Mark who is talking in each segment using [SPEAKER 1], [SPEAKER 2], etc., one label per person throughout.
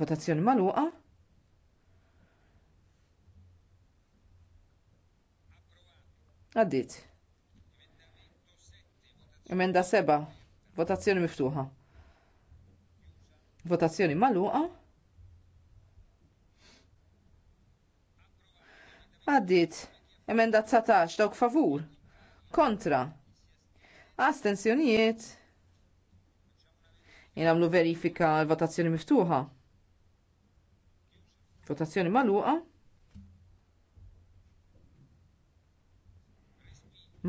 [SPEAKER 1] Votazzjoni magħluqa. Għaddit. Emenda seba. Votazzjoni miftuħa. Votazzjoni magħluqa. Għaddit. Emenda 19 dawk favur. Kontra. Astensjonijiet. Jena għamlu verifika l-votazzjoni miftuħa. Votazzjoni magħluqa.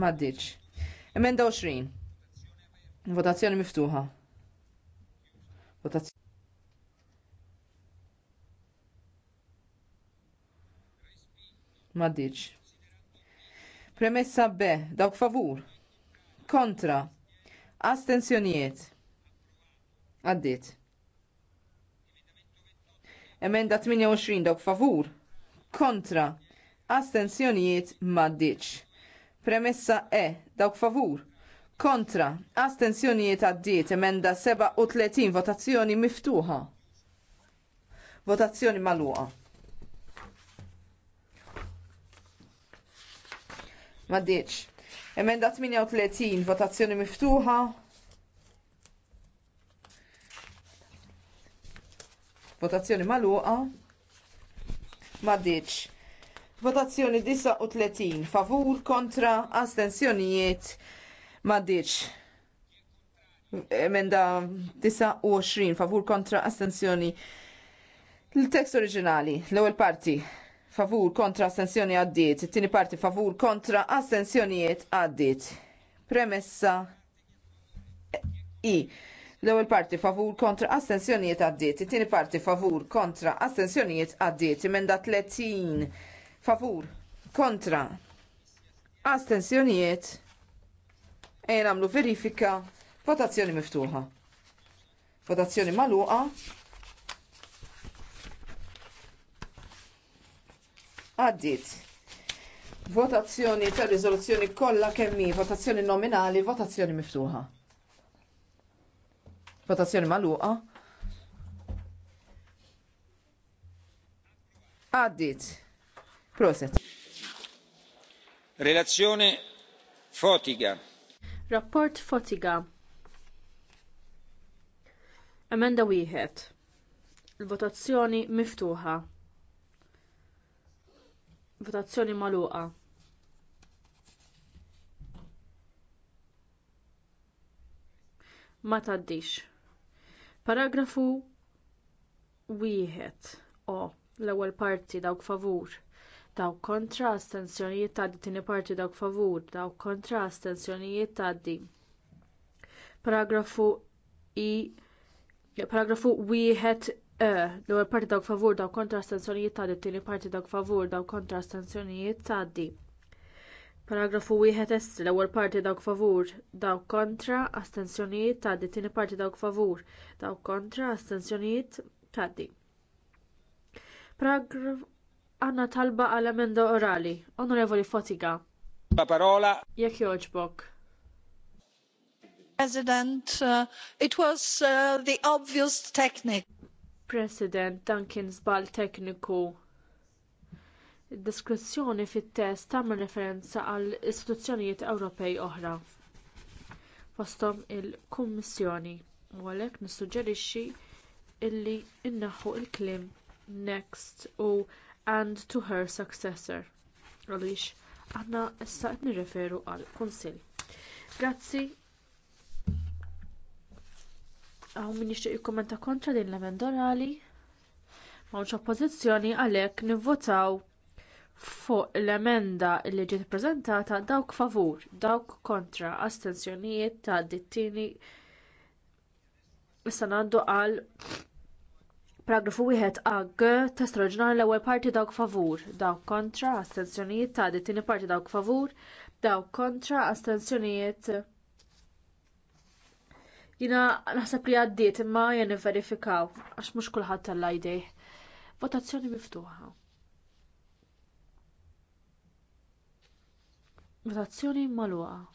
[SPEAKER 1] Maddiċ. Emenda 20. Votazzjoni miftuħa. Votazzjoni. Maddiċ. Premessa B, dawk favur. Kontra. Astenzjonijiet. Għaddit. Emenda 28 dawk favur. Kontra. Astensjonijiet maddiċ. Premessa E dawk favur. Kontra. Astensjonijiet għaddiet. Emenda 37 votazzjoni miftuħa. Votazzjoni maluqa. Maddiċ. Emenda 38 votazzjoni miftuħa. Votazzjoni maluqa. Maddiċ. Votazzjoni 39 favur kontra astensjonijiet. Maddiċ. Emenda 29 favur kontra astensjoni. Il-tekst oriġinali, l-ewwel parti favur kontra astensjoni għaddiet, it-tieni parti favur kontra astensjonijiet għaddit. Premessa I. L-ewwel parti favur kontra astensjonijiet għaddiet, it-tieni parti favur kontra astensjonijiet għaddiet, emenda 30 favur kontra astensjonijiet ejn għamlu verifika votazzjoni miftuħa. Votazzjoni magħluqa. Għaddiet. Votazzjoni tar riżoluzzjoni kollha kemm votazzjoni nominali, votazzjoni miftuħa. Votazzjoni magħluqa. Addit. Proset.
[SPEAKER 2] Relazzjoni Fotiga.
[SPEAKER 3] Rapport Fotiga. Emenda wieħed. Il-votazzjoni miftuħa. Votazzjoni magħluqa. ma tgħaddix Paragrafu wieħed o l-ewwel parti dawk favur dawk kontra astensjonijiet tgħaddi tieni parti dawk favur dawk kontra astensjonijiet tgħaddi. Paragrafu i paragrafu wieħed e l-ewwel parti dawk favur dawk kontra astensjonijiet tgħaddi tieni parti dawk favur dawk kontra astensjonijiet tgħaddi. Paragrafu wieħed est l-ewwel parti dawk favur, dawk kontra, astensjonijiet tgħaddi, tieni parti dawk favur, dawk kontra, astensjonijiet tgħaddi. Paragraf għandna talba għal emenda orali. Onorevoli Fotiga. La parola. Jekk jogħġbok. President, uh, it was uh, the obvious technique. President, dan kien żball tekniku id-deskrizzjoni fit-test tagħmel referenza għal istituzzjonijiet ewropej oħra fosthom il-kummissjoni u għalhekk nissuġġerixxi li nneħħu l-kliem next u and to her successor għaliex aħna issa qed nirreferu għal kunsill grazzi hawn min jixtieq jikkumenta kontra din l-emenda orali m'hawnx oppożizzjoni għalhekk nivvotaw fuq l-emenda li ġiet ippreżentata dawk favur dawk kontra astensjonijiet ta' dittini tieni issa ngħaddu għal paragrafu wieħed g test oriġinali l-ewwel parti dawk favur dawk kontra astensjonijiet ta' dittini parti dawk favur dawk kontra astensjonijiet jiena naħseb li għaddiet imma jien verifikaw għax mhux kulħadd tal-lajdej. Votazzjoni miftuħa. votazzjoni mal-waqa.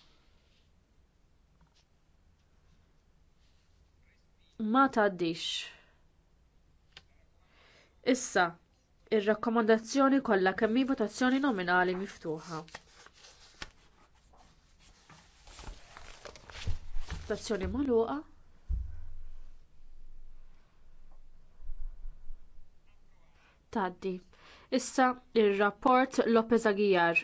[SPEAKER 3] ma tgħaddix issa ir-rakkomandazzjoni kollha kemm hi votazzjoni nominali miftuħa votazzjoni magħluqa tgħaddi issa ir-rapport lopez aguilar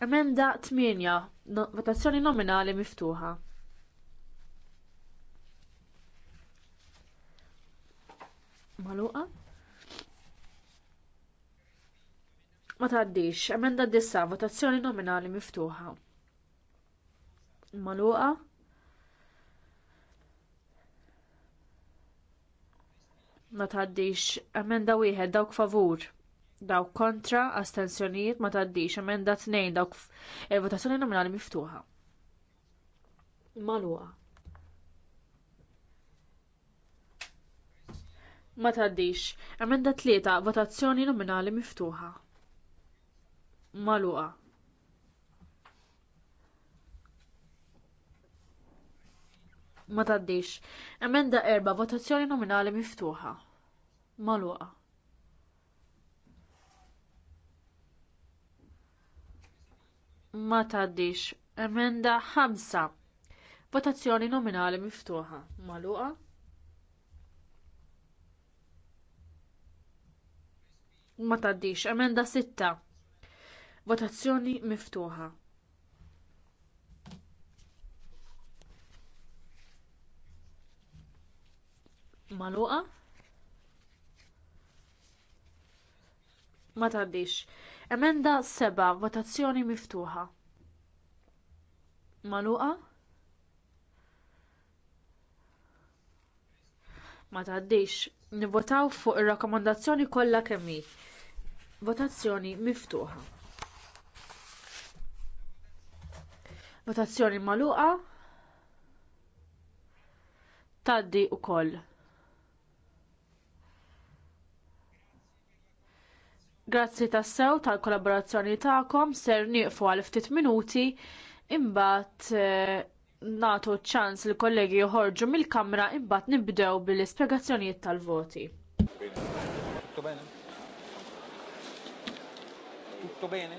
[SPEAKER 3] Emenda 8. Votazzjoni nominali miftuħa. Maluqa? Ma tgħaddix. Emenda 9. Votazzjoni nominali miftuħa. Maluqa? Ma tgħaddix. Emenda wieħed dawk favur dawk kontra astensjonijiet ma tgħaddix emenda tnejn dawk e, votazzjoni nominali miftuħa magħluqa ma tgħaddix emenda tlieta votazzjoni nominali miftuħa magħluqa ma tgħaddix emenda erba' votazzjoni nominali miftuħa magħluqa ma tgħaddix. Emenda 5. Votazzjoni nominali miftuħa. Maluqa. Ma tgħaddix. Emenda 6. Votazzjoni miftuħa. Maluqa. Ma tgħaddix. Emenda 7, votazzjoni miftuħa. Maluqa? Ma tgħaddix. Nivvotaw fuq ir-rakkomandazzjoni kollha kemm hi. Votazzjoni miftuħa. Votazzjoni magħluqa. Tgħaddi wkoll. Grazzi tassew tal-kollaborazzjoni tagħkom ser nieqfu għal ftit minuti imbagħad eh, nagħtu ċans li kollegi joħorġu mill-kamra imbagħad nibdew bil-ispjegazzjonijiet tal-voti.
[SPEAKER 2] Tutto bene? Tutto bene?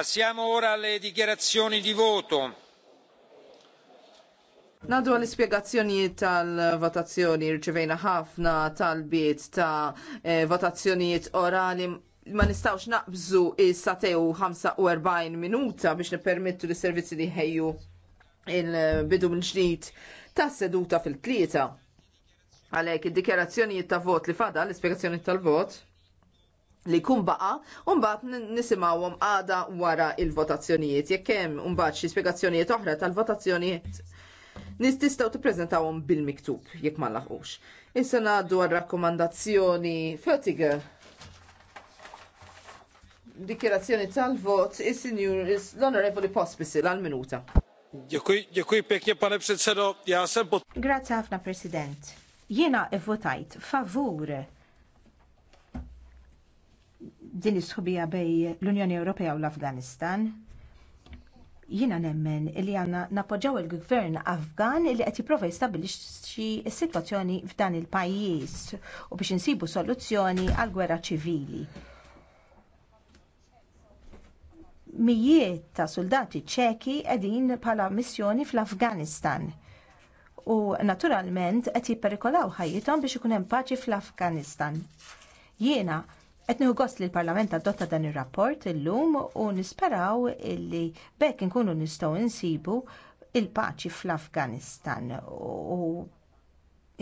[SPEAKER 2] Passiamo ora alle dichiarazioni di voto.
[SPEAKER 1] Nadu għal ispiegazzjonijiet tal-votazzjoni rċivejna ħafna talbiet ta' eh, votazzjonijiet orali ma nistawx naqbżu is-satew 45 minuta biex nippermettu li servizzi li ħejju il-bidu mill ġdid ta' seduta fil-tlieta. Għalhekk id dikjarazzjoni ta' vot li fada l ispiegazzjoni tal-vot li kun baqa, unbat nisimawom għada wara il-votazzjonijiet. Jekk hemm unbat xi spjegazzjonijiet oħra tal-votazzjonijiet, nististaw tippreżentawhom bil-miktub jekk ma laħqux. Issa ngħaddu għal rakkomandazzjoni Fötiger. Dikjerazzjoni tal-vot is-Sinjur l-Onorevoli l al minuta
[SPEAKER 2] Dziękuję pięknie, panie przewodniczący. Ja
[SPEAKER 4] Grazie ħafna, President. Jiena votajt favur din is-sħubija bej l-Unjoni Ewropea u l-Afganistan. Jiena nemmen li għanna nappoġġaw il-gvern Afgan li qed jipprova jistabbilixxi s-sitwazzjoni f'dan il-pajjiż u biex insibu soluzzjoni għall gwerra ċivili. Mijiet ta' soldati ċeki qegħdin bħala missjoni fl-Afganistan u naturalment qed jipperikolaw ħajjithom biex ikun hemm paċi fl-Afganistan. Jiena Etniħu gost li l-Parlament adotta dan ir-rapport il illum u nisperaw li bekk inkunu nistgħu nsibu il-paċi fl-Afganistan u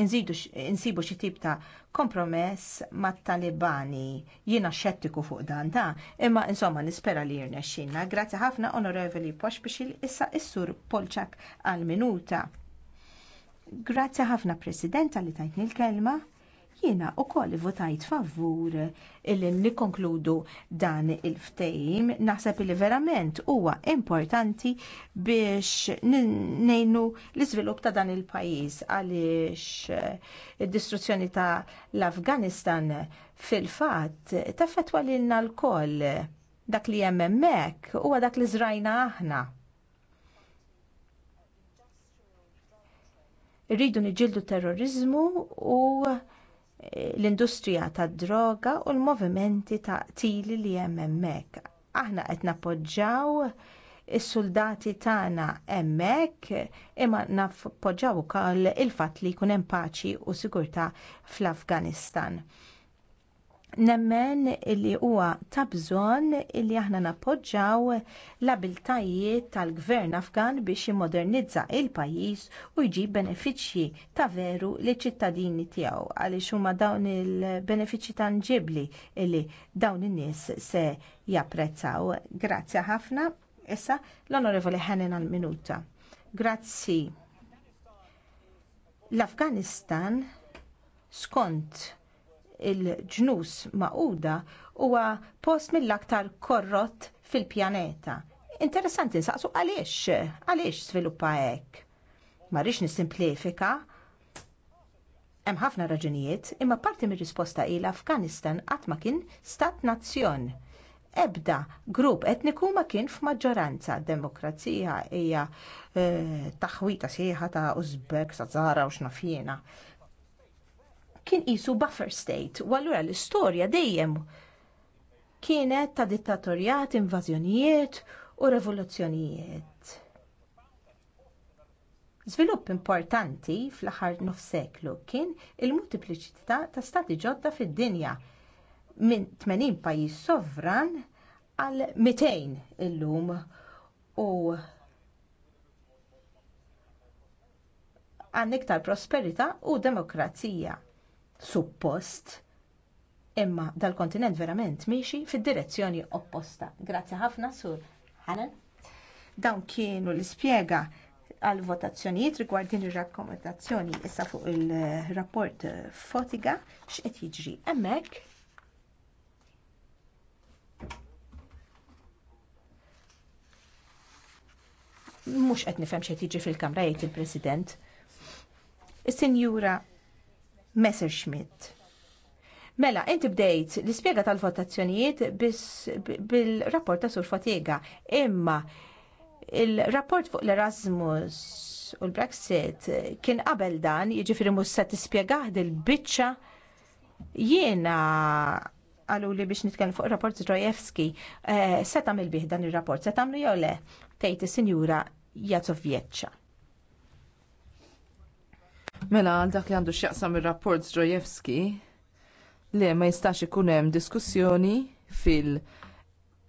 [SPEAKER 4] nsibu insibu xi tip ta' kompromess mat-Talibani. Jiena xettiku fuq dan ta' imma insomma nispera li jirnexxinna. Grazzi ħafna Onorevoli Poxbixil issa issur Polċak għal minuta. Grazzi ħafna Presidenta li tajtni l-kelma. Jiena koll votajt favur illi nikkonkludu dan il-ftejim naħseb li verament huwa importanti biex ngħinu l-iżvilupp ta' dan il-pajjiż għaliex eh, id-distruzzjoni ta' l-Afganistan fil-fatt taffetwa lilna l-koll dak li hemm hemmhekk huwa dak li żrajna aħna. Rridu niġildu terrorizmu u l-industrija tad-droga u l-movimenti ta' tili li hemm hemmhekk. Aħna qed nappoġġjaw is-soldati tagħna hemmhekk imma nappoġġjaw ukoll il-fatt li jkun hemm paċi u sigurtà fl-Afganistan nemmen li huwa ta' bżonn li aħna nappoġġaw l-abiltajiet tal-gvern Afgan biex jimmodernizza l pajjiż u jġib benefiċċji ta' veru liċ ċittadini tiegħu għaliex huma dawn il-benefiċċji tangibbli li dawn in-nies se japprezzaw. Grazzi ħafna. Issa l-Onorevoli Ħanen għall minuta Grazzi. L-Afganistan skont il-ġnus maquda huwa post mill-aktar korrott fil-pjaneta. Interessanti nsaqsu għaliex, għaliex sviluppa hekk. Ma rridx nisimplifika, hemm ħafna raġunijiet, imma parti mir-risposta hi l-Afganistan qatt ma kien stat nazzjon. Ebda grupp etniku ma kien f'maġġoranza demokrazija hija eh, taħwita sieħa ta' Uzbek, Sazara u x'nafjena kien qisu buffer state u allura l-istorja dejjem kienet ta' dittatorjat, invażjonijiet u revoluzzjonijiet. Żvilupp importanti fl-aħħar nof seklu kien il-multipliċità ta' stati ġodda fid-dinja minn 80 pajjiż sovran għal 200 illum u għan iktar prosperità u demokrazija suppost imma dal-kontinent verament miexi fil direzzjoni opposta. Grazzi ħafna sur Hanan. Dawn kienu l spiega għal votazzjonijiet rigward din ir rakkomendazzjoni issa fuq il-rapport Fotiga x'qed jiġri hemmhekk. Mhux qed nifhem x'qed jiġri fil-Kamra jgħid il-President. Is-Sinjura Messerschmitt. Mela, inti bdejt l-ispjega tal-votazzjonijiet bil-rapport ta' Sur Fatiga, imma il-rapport fuq l-Erasmus u l-Brexit kien qabel dan, jiġifieri mhux se tispjegah il-biċċa jiena għalu li biex nitkellem fuq il-rapport Zdrojewski, eh, se tagħmel bih dan ir rapport se tagħmlu jew le,
[SPEAKER 1] tgħid is-Sinjura Jazovjeċċa. Mela għal dak li għandu x'jaqsam mir rapport Zdrojewski li ma jistax ikun hemm diskussjoni fil-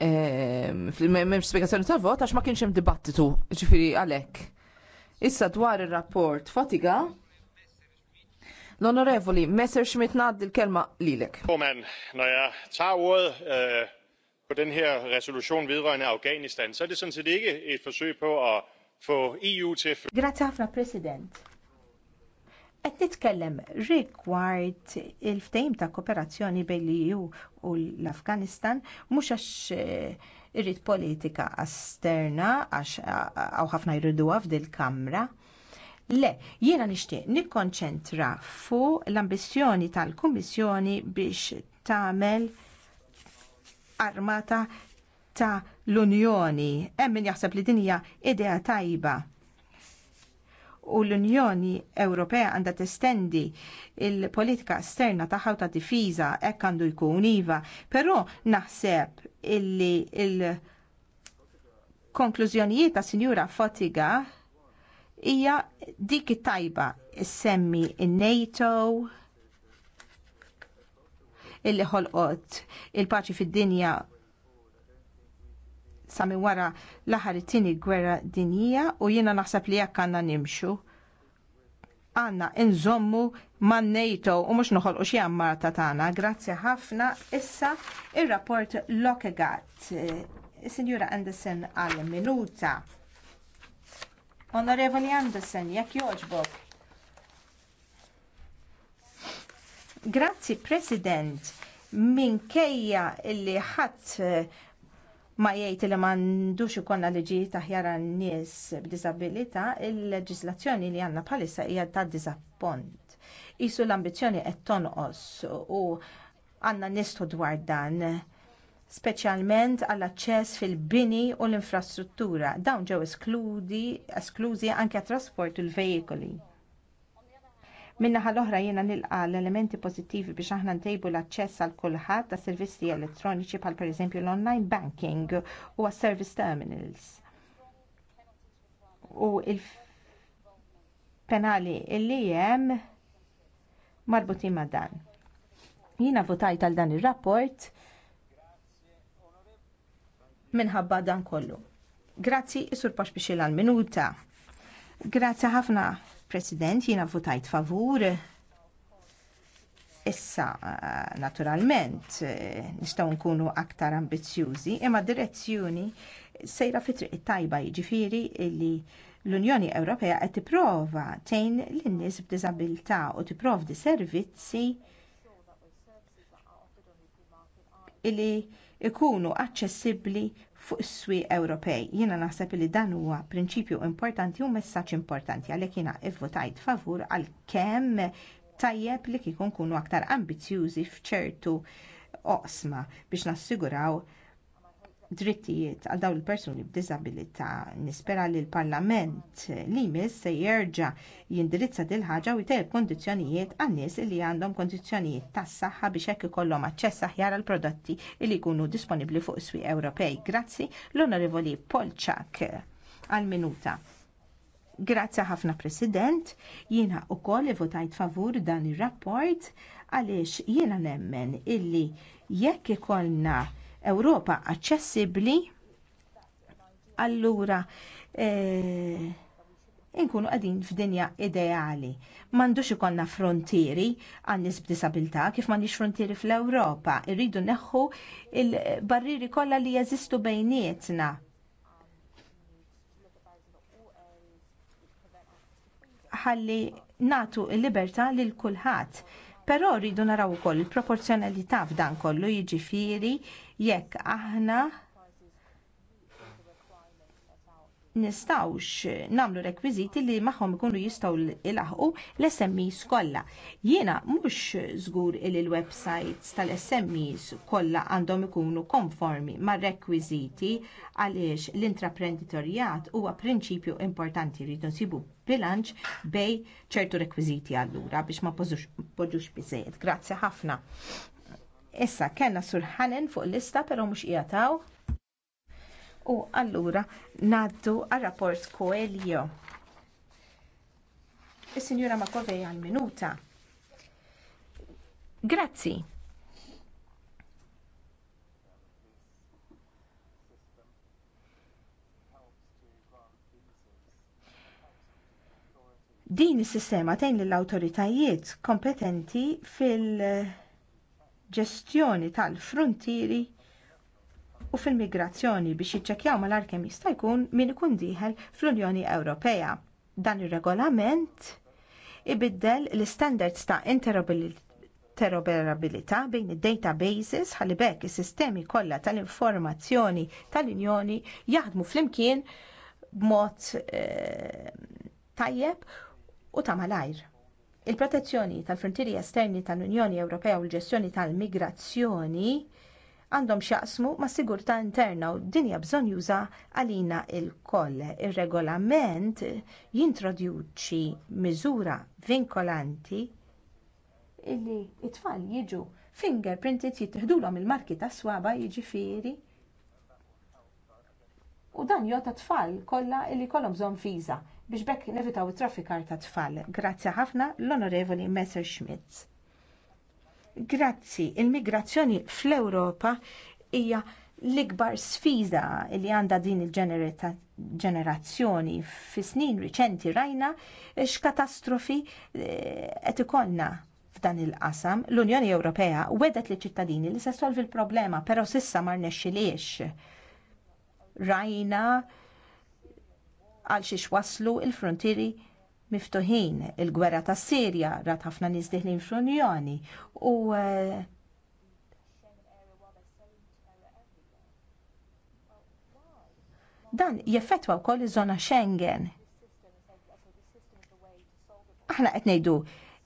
[SPEAKER 1] ehm, fil-memx spiegazzjoni ta' vot għax ma kienx hemm dibattitu, ġifiri għalek. Issa dwar il rapport Fatiga, l-onorevoli Messer Schmidt nad il kelma lilek. Formann, når
[SPEAKER 4] jeg tager ordet øh, på den her resolution vidrørende Afghanistan, så er det sådan set
[SPEAKER 1] ikke et forsøg på at få EU til at...
[SPEAKER 4] Grazie, President. Qed nitkellem rigward il-ftehim ta' kooperazzjoni bejn l-EU u l-Afganistan mhux għax eh, irrid politika esterna għax hawn ħafna jriduha f'dil kamra. Le, jiena nixtieq nikkonċentra fuq l-ambizzjoni tal-Kummissjoni biex tagħmel armata ta' l-Unjoni. Hemm min jaħseb li din hija idea tajba u l-Unjoni Ewropea għandha testendi l politika esterna ta' ħawta ta' difiża hekk għandu jkun iva, però naħseb illi il-konklużjonijiet ta' Sinjura Fotiga hija dik it-tajba semmi in-NATO il illi ħolqot il-paċi fid-dinja sa minn wara l-aħħar it-tieni gwerra dinjija u jiena naħseb li jekk għandna nimxu. Għanna inżommu man NATO u mhux noħolqu xi ammarta tagħna. Grazzi ħafna. Issa ir-rapport Lokegat. Sinjura Anderson għal minuta. Onorevoli Anderson, jekk jogħġbok. Grazzi President minkejja illi ħadd ma jgħid li m'għandux ikollna liġi taħjar għan-nies b'diżabilità, il-leġiżlazzjoni li għandna bħalissa hija ta' diżappont. Isu l-ambizzjoni qed tonqos u għandna nistħu dwar dan speċjalment għall aċċess fil-bini u l-infrastruttura. Dawn ġew esklużi anke għat trasport u l-vejikoli Min-naħa l-oħra jiena nilqa l-elementi pożittivi biex aħna ntejbu l-aċċess għal kulħadd ta' servizzi elettroniċi bħal pereżempju l-online banking u għas-service terminals. U il-penali illi hemm marbutin ma' dan. Jiena votajt għal dan ir-rapport minħabba dan kollu. Grazzi, Isur il għal-minuta. Grazzi ħafna, President, jiena votajt favur. Issa, eh, naturalment, eh, nistgħu nkunu aktar ambizzjużi, imma direzzjoni sejra fitri triq tajba jiġifieri li l-Unjoni Ewropea qed tipprova tgħin lin-nies b'diżabilità u tipprovdi servizzi illi ikunu aċċessibbli fuq is-swieq Ewropej. Jiena naħseb li dan huwa prinċipju importanti u messaġġ importanti għalhekk jiena ivvotajt favur għalkemm tajjeb li kieku nkunu aktar ambizjużi f'ċertu oqsma biex nassiguraw drittijiet għal dawn il-persuni b'diżabilità. Nispera li l-Parlament li jmiss se jerġa' jindirizza dil ħaġa u jtejjeb kondizzjonijiet għan nies li għandhom kondizzjonijiet tas-saħħa biex hekk ikollhom aċċess aħjar għal prodotti li jkunu disponibbli fuq is-swieq Ewropej. Grazzi l-Onorevoli Polczak għal minuta. Grazzi ħafna President, jiena wkoll votajt favur dan ir-rapport għaliex jiena nemmen illi jekk ikollna Ewropa aċċessibbli, allura eh, inkunu għadin f'dinja ideali. M'għandux ikollna frontieri għan nisb b'disabilità kif m'għandix frontieri fl-Ewropa, irridu neħħu il-barriri kollha li jeżistu bejnietna. ħalli natu l-libertà lil kulħadd. Però rridu naraw ukoll il-proporzjonalità f'dan kollu jiġifieri jekk aħna nistawx namlu rekwiziti li maħom ikunu jistaw ilaħqu l-SMEs kollha. Jiena mhux żgur il websites tal-SMEs kollha għandhom ikunu konformi mar rekwiziti għaliex l-intraprenditorjat huwa prinċipju importanti rridu nsibu bilanċ bej ċertu rekwiziti allura biex ma poġġux biżejjed. Grazzi ħafna. Issa kellna sur ħanen fuq lista però mhux jgħataw. U allura ngħaddu għar-rapport Coelho. Is-Sinjura Makovej għal-minuta. Grazzi. Din is-sistema tgħin lill-awtoritajiet kompetenti fil- ġestjoni tal-frontieri u fil-migrazzjoni biex jiċċekkjaw mal-ar kemm jista' jkun min ikun dieħel fl-Unjoni Ewropea. Dan ir-regolament ibiddel l-standards ta' interoperabilità bejn id-databases ħalli bekk is-sistemi kollha tal-informazzjoni tal-Unjoni jaħdmu flimkien b'mod eh, tajjeb u ta' malajr. Il-protezzjoni tal-frontieri esterni tal-Unjoni Ewropea u l-ġestjoni tal-migrazzjoni għandhom xjaqsmu mas sigurtà interna u dinja bżonn juża għalina lkoll. Ir-regolament jintroduċi miżura vinkolanti illi t tfal jiġu fingerprinted jittieħdulhom il-marki tas swaba jiġifieri u dan jota tfal kollha li jkollhom bżonn fiza biex bekk nevitaw it-traffikar ta' tfal. Grazzi ħafna l-Onorevoli Messer Schmidt. Grazzi, il-migrazzjoni fl-Ewropa hija l-ikbar sfida li għandha din il-ġenerazzjoni fi snin riċenti rajna x'katastrofi eh, qed ikollna f'dan il-qasam. L-Unjoni Ewropea wedet li ċittadini li se solvi l-problema, però sissa ma rnexxiliex rajna għal xiex waslu il-frontieri miftuħin. Il-gwerra tas Sirja rat ħafna nies deħlin fl-Unjoni u eh, dan jeffettwa wkoll iż-żona Schengen. Aħna qed ngħidu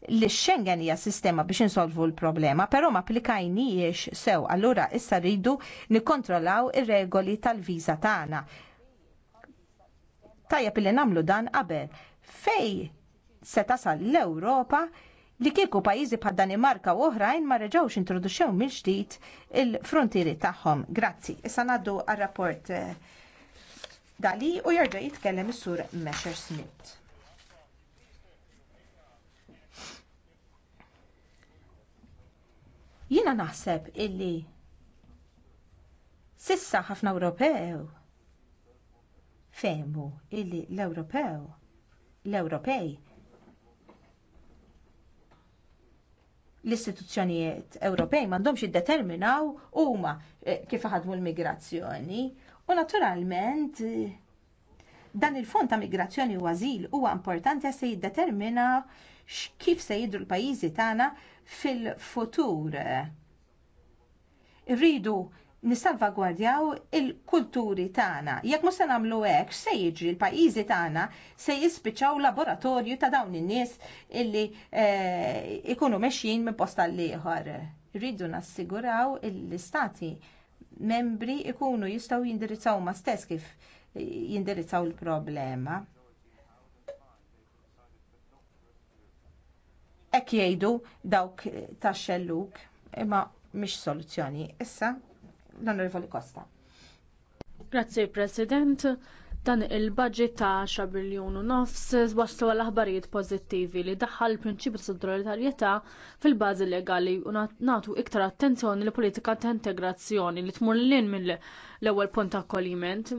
[SPEAKER 4] li Schengen hija sistema biex insolvu l-problema, però ma applikajniex sew, allura issa rridu nikkontrollaw ir-regoli tal-viża tagħna. Tajjeb li nagħmlu dan qabel fej se tasal l-Ewropa li kieku pajjiżi bħad Danimarka u oħrajn ma reġawx introduxxew mill-ġdid il-frontieri tagħhom. Grazzi. Issa ngħaddu għar-rapport eh, dali u jerġa' jitkellem is-sur Mesher Smith. Jiena naħseb illi sissa ħafna Ewropew fehmu illi l-Ewropew l-Ewropej l-istituzzjonijiet Ewropej m'għandhomx jiddeterminaw huma eh, kif ħadmu l-migrazzjoni u naturalment eh, dan il-fond ta' migrazzjoni u għażil huwa importanti se jiddetermina kif se jidru l-pajjiżi tagħna fil-futur. Irridu nissalvagwardjaw il-kulturi tagħna. Jekk mhux se nagħmlu hekk se jiġri l-pajjiżi tagħna se jispiċċaw laboratorju ta' dawn in-nies illi eh, ikunu mexjin minn post l ieħor. Rridu nassiguraw l-istati membri ikunu jistgħu jindirizzaw ma stess kif jindirizzaw il-problema. hekk jgħidu dawk tax-xelluk imma mhix soluzzjoni. Issa l-Onorevoli Kosta.
[SPEAKER 3] Grazzi President dan il-budget ta' 10 biljonu nofs waslu għal aħbarijiet pożittivi li daħħal prinċipju ta' solidarietà fil-bażi legali u nagħtu iktar attenzjoni li politika ta' integrazzjoni li tmur lin mill-ewwel punt ta' kolliment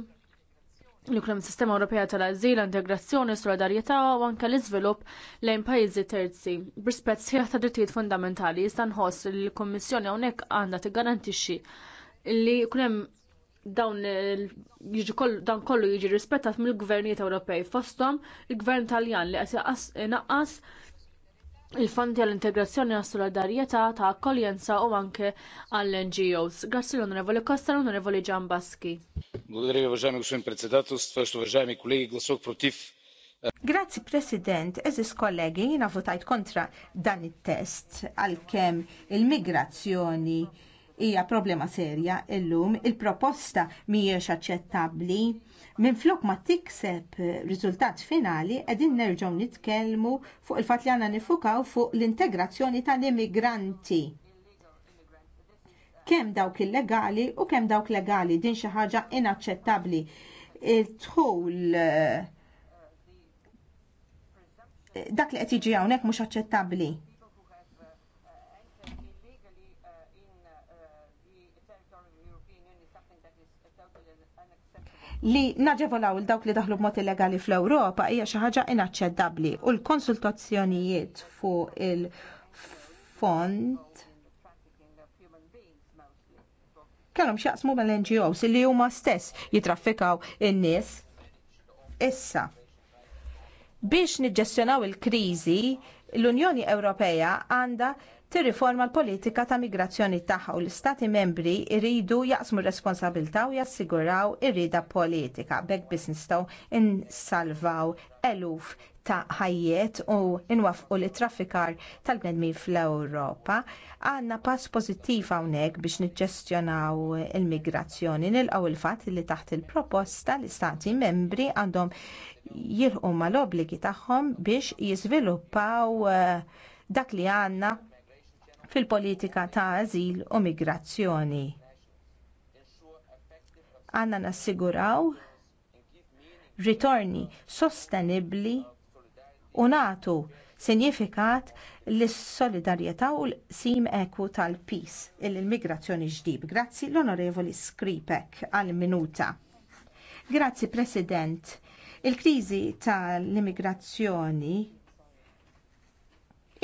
[SPEAKER 3] l kunem sistema Ewropea tal-Azil, integrazzjoni, solidarjetà u anke l-iżvilupp lejn pajjiżi terzi. B'rispett sħiħ ta' drittijiet fundamentali, jista' nħoss li l-Kummissjoni hawnhekk għandha tiggarantixxi li jkun hemm dawn dan kollu jiġi rispettat mill-gvernijiet Ewropej fosthom il-gvern Taljan li qed inaqqas il-fondi għall-integrazzjoni għas solidarjetà ta' akkoljenza u anke għall-NGOs. Grazzi l-Onorevoli Kosta l-Onorevoli Ġambaski.
[SPEAKER 4] Grazzi President, eżis kollegi, jina votajt kontra dan it-test għalkemm il-migrazzjoni hija problema serja illum il-proposta mhijiex aċċettabbli minflok ma tikseb riżultat finali qegħdin nerġgħu nitkellmu fuq il-fatt li għandna nifukaw fuq l-integrazzjoni tal-immigranti kemm dawk illegali u kemm dawk legali din xi ħaġa inaċċettabbli il-tħul eh, dak li qed jiġi hawnhekk mhux aċċettabbli. li naġevolaw il dawk li daħlu b'mod illegali fl-Ewropa hija xi ħaġa inaċċettabbli u l-konsultazzjonijiet fuq il-fond kellhom x'jaqsmu mal-NGOs li huma stess jitraffikaw in-nies. Issa, biex niġġestjonaw il-kriżi, l-Unjoni Ewropea għandha tirriforma l-politika ta' migrazzjoni tagħha u l-istati membri jridu jaqsmu r-responsabilità u jassiguraw ir politika b'hekk biss nistgħu insalvaw eluf ta' ħajjiet u nwafqu li traffikar tal-bnedmin fl-Ewropa għandna pass pożittiv hawnhekk biex niġġestjonaw il-migrazzjoni nilqgħu il-fatt li taħt il-proposta l-istati membri għandhom jilqu mal obbligi tagħhom biex jiżviluppaw eh, dak li għandna fil-politika ta' azil u migrazzjoni. Għanna nassiguraw ritorni sostenibbli u nagħtu sinifikat lis solidarjetà u l-sim eku tal-pis il-migrazzjoni ġdib. Grazzi l-Onorevoli Skripek għal-minuta. Grazzi President. Il-kriżi tal-immigrazzjoni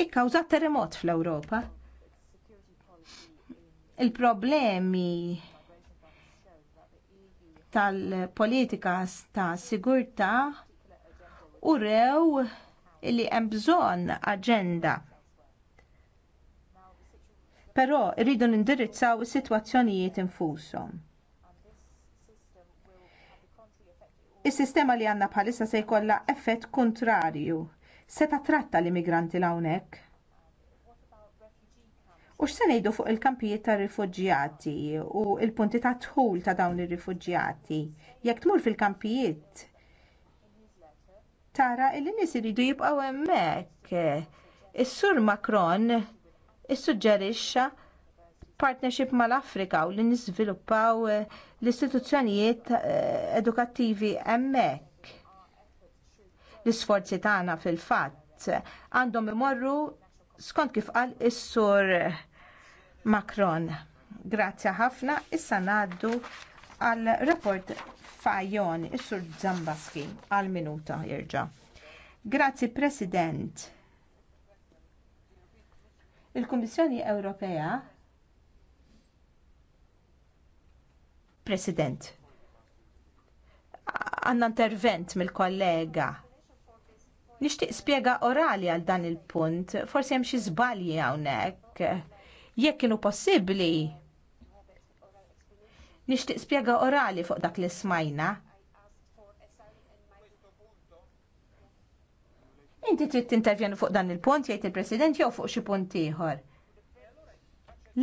[SPEAKER 4] ikkawżat terremot fl-Ewropa il-problemi tal-politika ta' sigurtà u rew li hemm bżonn aġenda. Però rridu nindirizzaw is-sitwazzjonijiet infushom. Is-sistema li għandna bħalissa se jkollha effett kontrarju. Seta tratta l-immigranti l hawnhekk u x'se ngħidu fuq il-kampijiet tar-rifuġjati u l-punti ta' dħul ta' dawn ir-rifuġjati. Jekk tmur fil-kampijiet tara li nies iridu jibqgħu hemmhekk. Is-Sur Macron issuġġerixxa partnership mal-Afrika u li niżviluppaw l-istituzzjonijiet eh, edukattivi hemmhekk. L-isforzi tagħna fil-fatt għandhom imorru skont kif qal is-sur Macron. Grazzi ħafna, issa ngħaddu għal rapport Fajon, is-sur Zambaski, għal minuta jirġa. Grazzi President. Il-Kummissjoni Ewropea President. Għanna intervent mill-kollega. Nixtieq spjega orali għal dan il-punt, forsi hemm xi żbalji hawnhekk jekk kienu possibbli. Nixtieq spjega orali fuq dak li smajna. Inti trid tintervjeni fuq dan il-punt jgħid il-President jew fuq xi punt ieħor.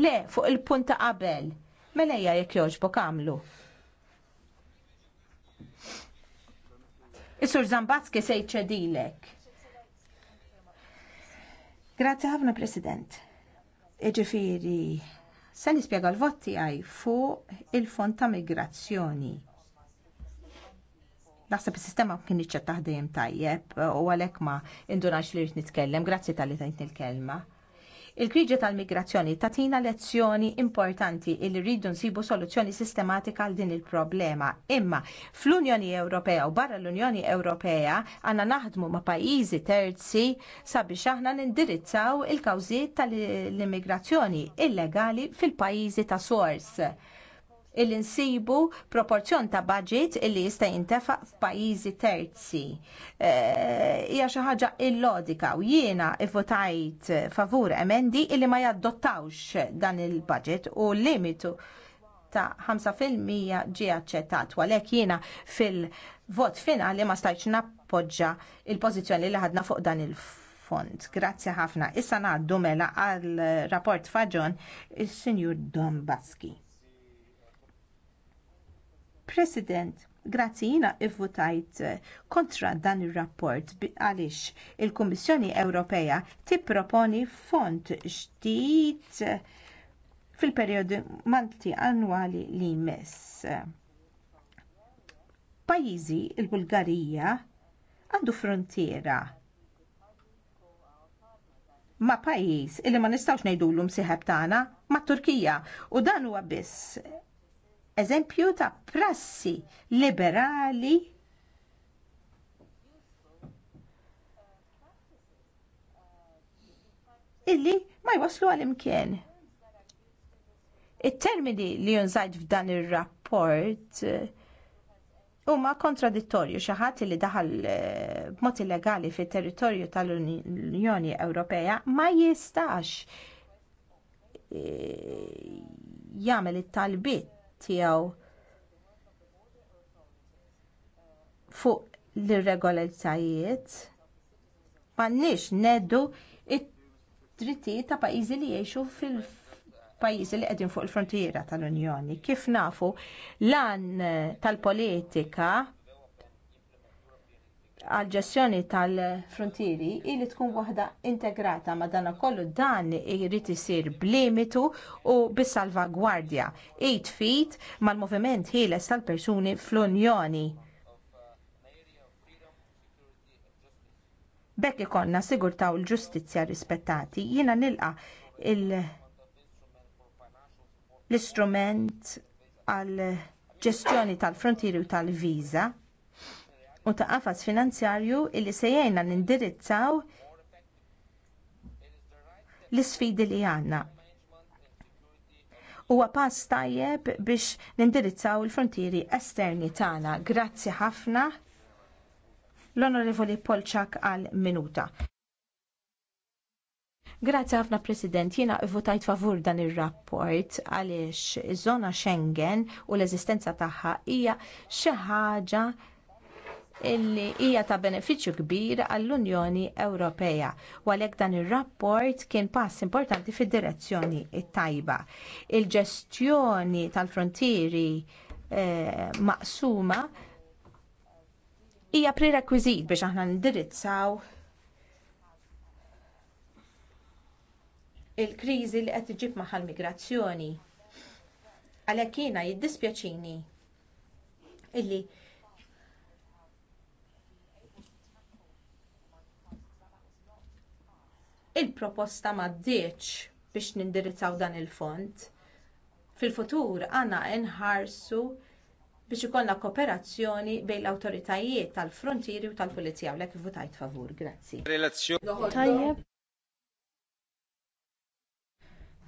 [SPEAKER 4] Le, fuq il-punt ta' qabel. Mela hija jekk jogħġbok għamlu. Is-Sur Zambatski se jċedilek. Grazzi ħafna President. Iġifieri, se nispjega l votti għaj fuq il-fond ta' migrazzjoni. Naħseb is-sistema kien iċċa dejjem tajjeb u għalhekk ma indunax li rrid nitkellem. Grazzi tal-li tajtni l-kelma. Il-kriġi tal-migrazzjoni tatina lezzjoni importanti li rridu nsibu soluzzjoni sistematika għal din il-problema. Imma fl-Unjoni Ewropea u barra l-Unjoni Ewropea għandna naħdmu ma' pajjiżi terzi sabiex aħna nindirizzaw il-kawżiet tal-immigrazzjoni illegali fil-pajjiżi ta' sors illi nsibu proporzjon ta' budget illi jista' jintefaq f'pajjiżi terzi. Eh, hija xi ħaġa illodika u jiena votajt favur emendi illi ma jaddottawx dan il-budget u limitu ta' 5% ġie aċċettat għalhekk jiena fil-vot finali ma stajtx nappoġġa il-pożizzjoni li ħadna fuq dan il-fond. Grazzi ħafna. Issa ngħaddu mela għal rapport faġon is-Sinjur Dombaski. President, grazzi jina ivvutajt eh, kontra dan ir-rapport għaliex il-Kummissjoni Ewropea tipproponi fond ġdid eh, fil-perjodu malti annwali li jmiss. Pajjiżi il-Bulgarija għandu frontiera ma pajjiż illi ma nistgħux ngħidulhom siħeb tagħna mat Turkija u dan huwa biss eżempju ta' prassi liberali illi ma jwaslu għal imkien. It-termini li jonżajt f'dan ir-rapport eh, huma kontradittorju xi ħadd li daħal eh, b'mod illegali fit-territorju tal-Unjoni Ewropea ma jistax eh, jagħmel it-talbiet tiegħu fuq l-irregolaritajiet m'għandniex ngħeddu d-drittijiet ta' pajjiżi li jgħixu fil-pajjiżi li qegħdin fuq il-frontiera tal-Unjoni. Kif nafu lan tal-politika għal ġestjoni tal-frontieri ili tkun waħda integrata ma dan kollu dan irid isir blimitu u bis-salvagwardja eight feet mal-moviment ħieles tal-persuni fl-Unjoni. Bekk ikonna sigurtaw l-ġustizzja rispettati, jiena nilqa l-istrument għal ġestjoni tal-frontieri u tal-viża u ta' qafas finanzjarju illi se jgħinna nindirizzaw l-isfidi li għandna. Huwa pass tajjeb biex nindirizzaw il-frontieri esterni tagħna. Grazzi ħafna. L-Onorevoli Polċak għal minuta. Grazzi ħafna President, jiena votajt favur dan ir-rapport għaliex iż-żona Schengen u l-eżistenza tagħha hija xi ħaġa illi hija ta' benefiċċju kbir għall-Unjoni Ewropea u għalhekk dan ir-rapport kien pass importanti fid-direzzjoni tajba. Il-ġestjoni tal-frontieri eh, maqsuma hija prerekwiżit biex aħna nindirizzaw il-kriżi li qed iġib magħha l-migrazzjoni. Għalhekk jiena jiddispjaċini illi il-proposta m'għaddiex biex nindirizzaw dan il-fond. Fil-futur għandna nħarsu biex ikollna kooperazzjoni bejn l-awtoritajiet tal-frontieri u tal-pulizija u lek votajt favur. Grazzi.
[SPEAKER 2] Tajjeb.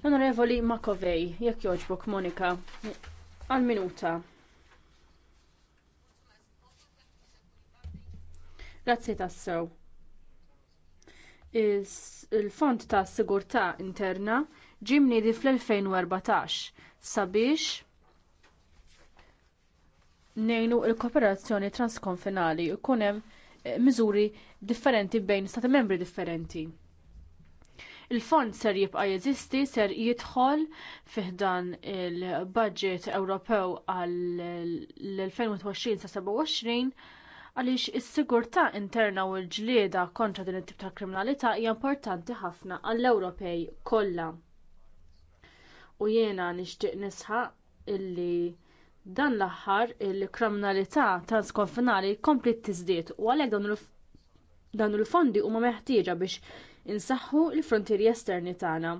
[SPEAKER 3] Onorevoli Makovej, jekk joġbok Monika, għal minuta. Grazzi tassew il-Fond ta' Sigurtà Interna ġie mniedi fl-2014 sabiex ngħinu l-kooperazzjoni transkonfinali u jkun hemm miżuri differenti bejn stati membri differenti. Il-fond ser jibqa' jeżisti ser jidħol fih dan il-budget Ewropew għal l-2020 sa 27 għaliex is-sigurtà interna u l-ġlieda kontra din it-tip ta' kriminalità hija importanti ħafna għall-Ewropej kollha. U jiena nixtieq nisħaq illi dan l-aħħar il-kriminalità transkonfinali kompli tiżdied u għalhekk dawn il-fondi huma meħtieġa biex insaħħu l-frontieri esterni tagħna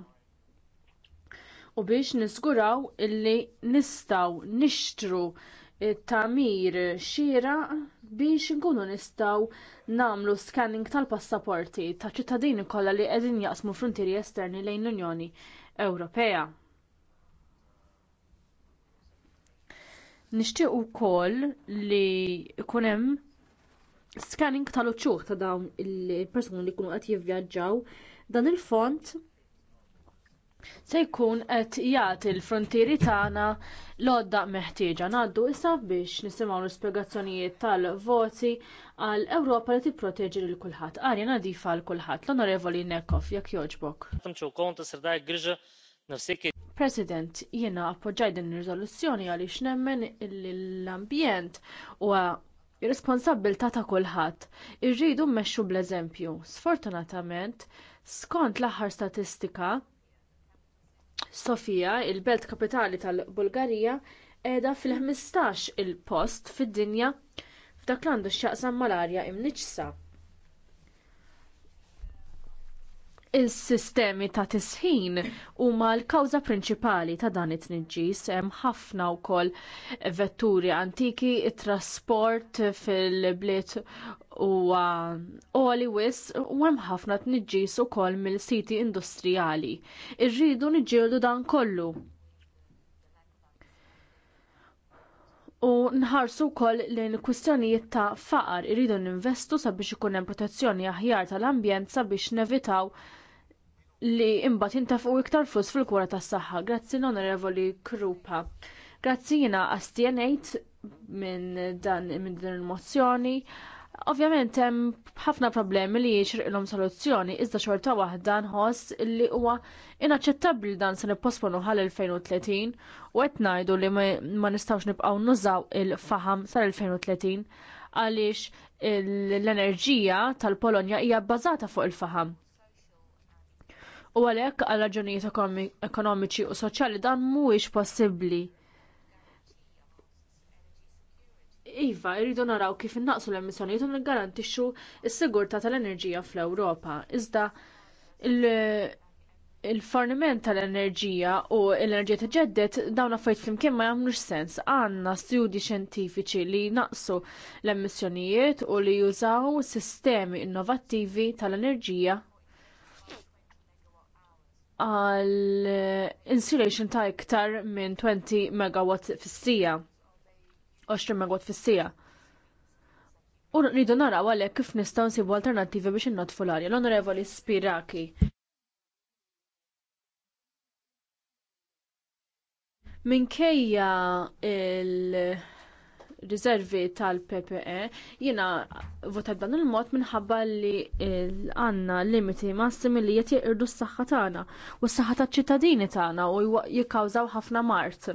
[SPEAKER 3] u biex niżguraw illi nistgħu nixtru tamir xira biex inkunu nistgħu nagħmlu scanning tal-passaporti ta' ċittadini kollha li qegħdin jaqsmu frontieri esterni lejn l-Unjoni Ewropea. Nixtieq ukoll li jkun hemm scanning tal-uċċuħ ta' dawn il-persuni li jkunu qed jivvjaġġaw dan il-font se jkun qed jagħti l-frontieri tagħna l-għodda meħtieġa ngħaddu issa biex nisimgħu l-ispjegazzjonijiet tal-voti għal Ewropa li tipproteġi lil kulħadd. Arja nadifa għal kulħadd l-Onorevoli Nekov jekk jogħġbok. President, jiena appoġġaj din ir-riżoluzzjoni għaliex nemmen l-ambjent huwa ir responsabilità ta' kulħadd. Irridu mmexxu bl-eżempju. Sfortunatament, skont l-aħħar statistika, Sofija, il-belt kapitali tal-Bulgarija, qiegħda fil-15 il post fid-dinja f'dak l-għandu x'jaqsam mal-arja imniġsa. Is-sistemi ta' tisħin huma l-kawża prinċipali ta' dan it-tniġġis hemm ħafna wkoll vetturi antiki, it-trasport fil-bliet u oli wis u hemm ħafna tniġġis ukoll mill-siti industrijali. Irridu niġġieldu dan kollu. U nħarsu wkoll l kwistjonijiet ta' faqar irridu ninvestu sabiex ikun hemm protezzjoni aħjar tal-ambjent sabiex nevitaw li imbagħad jintafqu iktar flus fil-kura tas-saħħa. Grazzi l-Onorevoli Krupa. Grazzi jiena astjenejt minn dan minn din il-mozzjoni. Ovvjament hemm ħafna problemi li jixriqlhom soluzzjoni iżda xorta waħda nħoss li huwa inaċċettabbli dan se nipposponu ħal 2030 u qed ngħidu li ma nistgħux nibqgħu nużaw il-faham sal-2030 għaliex l-enerġija tal-Polonja hija bbażata fuq il-faham u għalhekk għal raġunijiet ekonomiċi u soċjali dan mhuwiex possibbli. Iva, irridu naraw kif innaqsu l-emissjonijiet u niggarantixxu s-sigurtà tal-enerġija fl-Ewropa. Iżda il-forniment tal-enerġija u l-enerġija tiġġedded dawn affarijiet flimkien ma jagħmlux sens. Għandna studji xjentifiċi li naqsu l-emissjonijiet u li jużaw sistemi innovattivi tal-enerġija għal eh, insulation ta' iktar minn 20 megawatt fis-sija. 20 megawatt fis-sija. U rridu naraw għalhekk kif nistgħu nsibu alternattivi biex innotfu l-arja. L-Onorevoli Spiraki. Minkejja il- riservi tal-PPE jiena votat dan il-mod minħabba li għandna limiti massimi li qed irdu s-saħħa tagħna u s-saħħa taċ-ċittadini tagħna u jikkawżaw ħafna mart.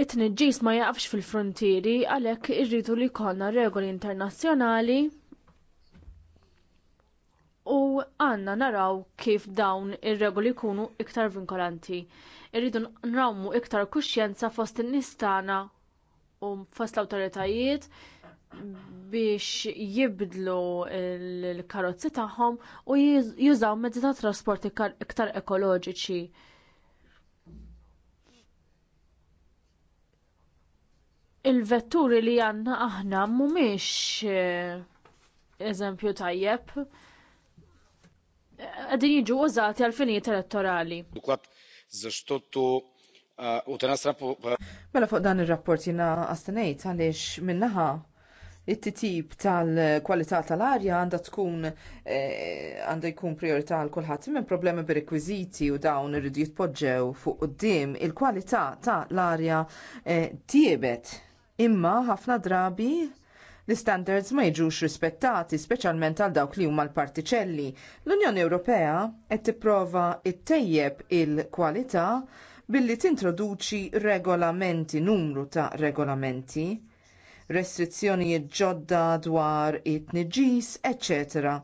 [SPEAKER 3] It-tniġġis ma jaqfx fil-frontieri għalhekk irridu li jkollna regoli internazzjonali u għanna naraw kif dawn ir-regoli jkunu iktar vinkolanti. Irridu nrawmu iktar kuxjenza fost in-nies tagħna u fost l-awtoritajiet biex jibdlu l-karozzi tagħhom u jużaw mezzi ta' trasport iktar ekoloġiċi. Il-vetturi li għandna aħna mhumiex eh, eżempju tajjeb għadin jiġu użati għal finijiet elettorali.
[SPEAKER 1] Mela fuq dan ir-rapport jina għastanejt għaliex minnaħa it-titib tal-kwalità tal-arja għandha tkun e, għandha jkun priorità għal kulħadd minn problemi bir-rekwiżiti u dawn irridu jitpoġġew fuq quddiem il-kwalità tal-arja e, tiebet imma ħafna drabi L-standards ma jiġux rispettati, speċjalment għal dawk li huma l-partiċelli. L-Unjoni Ewropea qed tipprova ttejjeb il-kwalità billi tintroduċi regolamenti, numru ta' regolamenti, restrizzjonijiet ġodda dwar it-tniġis, eccetera.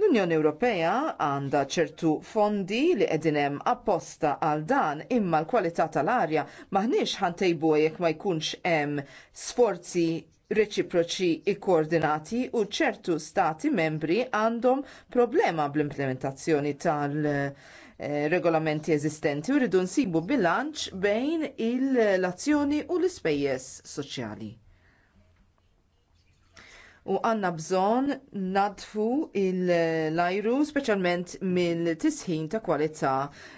[SPEAKER 1] L-Unjoni Ewropea għandha ċertu fondi li qegħdin hemm apposta għal dan imma l-kwalità tal-arja maħniex ħantejbu jekk ma jkunx hemm sforzi reċiproċi kkoordinati u ċertu stati membri għandhom problema bl-implementazzjoni tal-regolamenti eżistenti u rridu nsibu bilanċ bejn il-azzjoni u l-ispejjeż soċjali u għanna bżon nadfu l-ajru specialment mill-tisħin ta' kwalità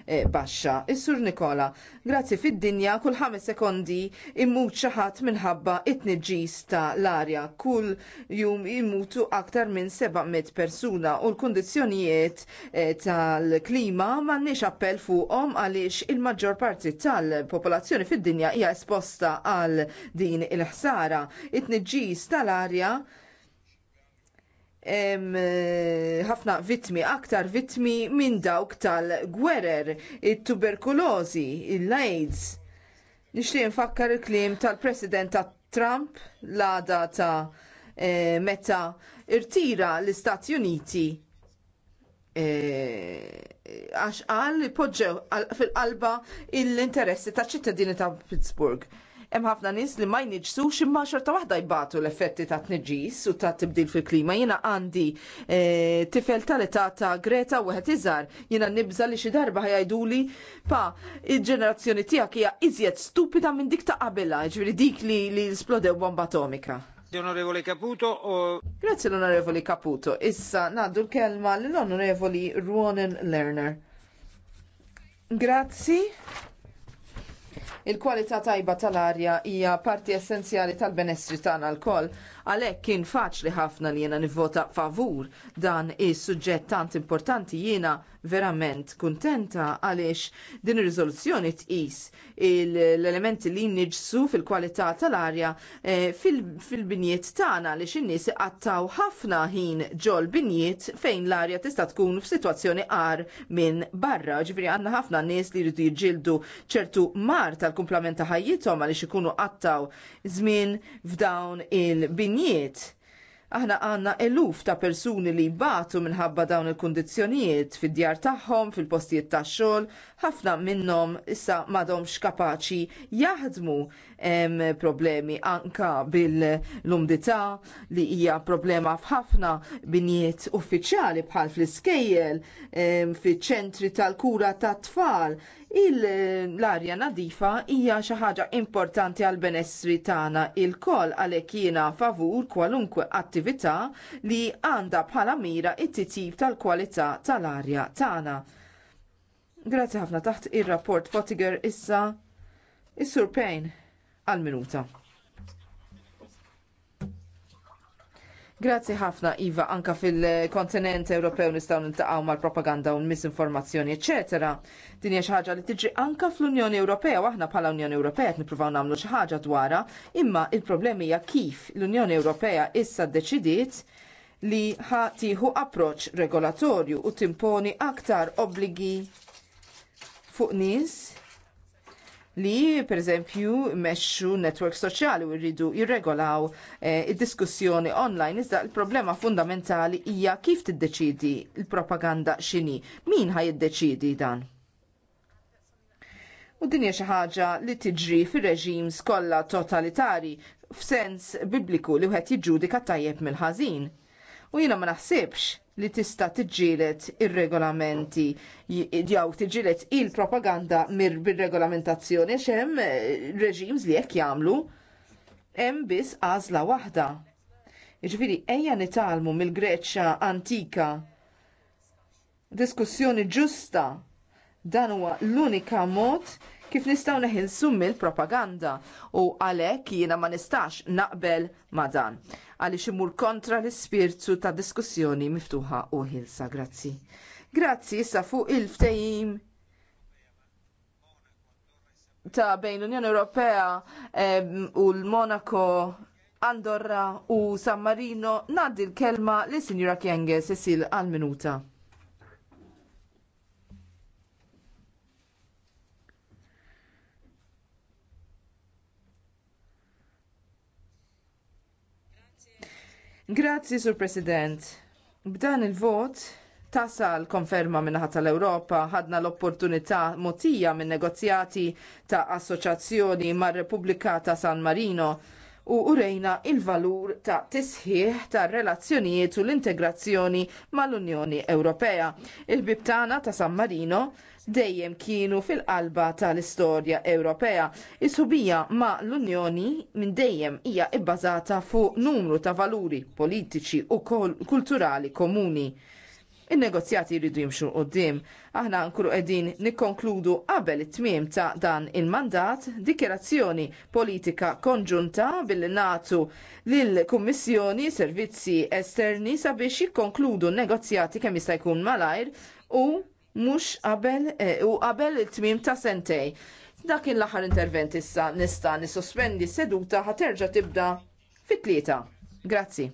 [SPEAKER 1] eh, baxxa. Is-Sur Nikola, grazzi fid-dinja kull ħames sekondi immut xi ħadd minħabba it-tniġġis ta' l-arja. Kull jum immutu aktar minn 700 persuna u l-kundizzjonijiet eh, tal-klima m'għandniex appell fuqhom għaliex il-maġġor parti tal-popolazzjoni fid-dinja hija esposta għal din il-ħsara. It-tniġġis tal-arja Eh, ħafna vittmi, aktar vittmi minn dawk tal-gwerer, it-tuberkulozi, l-AIDS. Nixtieq nfakkar il kliem tal-President ta' Trump l-għada ta' e, meta irtira l-Istati Uniti eh, għax e, għal poġġew fil-qalba l-interessi taċ ċittadini ta' Pittsburgh hemm ħafna nies li ma jniġsux imma xorta waħda jbatu l-effetti ta' tniġis u ta' tibdil fil-klima. Jiena għandi eh, tifel tal-età ta' Greta wieħed iżgħar jiena nibża li xi darba ħajduli pa il-ġenerazzjoni tiegħek hija iżjed stupida minn dik ta' qabilha, ġifieri dik li li splodew bomba atomika.
[SPEAKER 3] Onorevole Caputo. O...
[SPEAKER 1] Grazie l'onorevole Caputo. Issa naddu l-kelma l-onorevoli Ruonen Lerner. Grazzi. Il-kwalità tajba tal-arja hija parti essenzjali tal-benessri tagħna lkoll, Għalhekk kien faċli ħafna li jiena nivvota favur dan is-suġġett tant importanti jiena verament kuntenta għaliex din ir-riżoluzzjoni tqis l-elementi li jniġsu fil-kwalità tal-arja eh, fil-binjiet tagħna għaliex in-nies iqattaw ħafna ħin ġol binjiet fejn l-arja tista' tkun f'sitwazzjoni qar minn barra. Ġifieri għandna ħafna nies li jridu jiġġieldu ċertu mar tal kumplament ta' ħajjithom għaliex ikunu qattaw żmien f'dawn il-binjiet. Aħna għandna eluf ta' persuni li jbatu minħabba dawn il kundizzjonijiet fid-djar tagħhom, fil-postijiet tax-xogħol, ħafna minnhom issa m'għadhomx kapaċi jaħdmu hemm problemi anka bil-lumdità li hija problema f'ħafna binjiet uffiċjali bħal fl-iskejjel, fiċ ċentri tal-kura tat-tfal l-arja nadifa hija xi ħaġa importanti għall benessri tagħna il-koll għalhekk jiena favur kwalunkwe attività li għandha bħala mira t titjib tal-kwalità tal-arja tagħna. Grazzi ħafna taħt ir rapport Pottiger issa is-Sur Pain għal-minuta. Grazzi ħafna, Iva, anka fil-kontinent Ewropew nistgħu niltaqgħu mal-propaganda u l-misinformazzjoni, eċetera. Din hija xi ħaġa li tiġri anka fl-Unjoni Ewropea, aħna bħala Unjoni Ewropea qed nippruvaw nagħmlu xi ħaġa dwarha, imma il problemi hija kif l-Unjoni Ewropea issa ddeċidiet li ħatiħu approċċ regolatorju u timponi aktar obbligi fuq nies li pereżempju meċu netwerk soċjali u rridu jirregolaw eh, id-diskussjoni online iżda il-problema fundamentali hija kif tiddeċidi l propaganda x'inhi. Min ħajiddeċidi dan? U din hija xi ħaġa li tiġri fir-reġims kollha totalitari f'sens bibliku li wieħed jiġġudika tajjeb mill-ħażin u jiena ma naħsibx li tista' tiġġieled ir-regolamenti jew tiġġieled il-propaganda bir-regolamentazzjoni għax hemm eh, reġims li hekk jagħmlu hemm biss għażla waħda. Jiġifieri ejja nitalmu mill greċja antika diskussjoni ġusta dan huwa l-unika mod kif nistgħu neħilsu mill-propaganda u għalhekk jiena ma nistax naqbel ma dan għaliex imur kontra l-ispirtu ta' diskussjoni miftuħa u ħilsa. Grazzi. Grazzi sa fuq il-ftehim ta' bejn l-Unjoni Ewropea u l-Monaco Andorra u San Marino naddi l-kelma li Sinjura Kienges isil għal-minuta. Grazzi, Sur President. B'dan il-vot tasal konferma min-Ħata tal-Europa ħadna l-opportunità motija minn negozjati ta' assoċjazzjoni mar-Repubblika ta' San Marino u urejna il-valur ta' tisħiħ tar relazzjonijiet u l-integrazzjoni mal-Unjoni Ewropea. il bibtana ta' San Marino dejjem kienu fil-qalba tal-istorja Ewropea. Is-subija ma' l-Unjoni minn dejjem hija ibbażata fuq numru ta' valuri politiċi u kulturali komuni in-negozjati jridu jimxu qoddim. Aħna nkunu qegħdin nikkonkludu qabel it-tmiem ta' dan il-mandat dikjerazzjoni politika konġunta billi natu lill-Kummissjoni Servizzi Esterni sabiex jikkonkludu negozjati kemm jista' jkun malajr u mhux qabel eh, u qabel it-tmiem ta' sentej. Dakin l-aħħar intervent issa nista' nisospendi seduta ħaterġa' tibda fit-tlieta. Grazzi.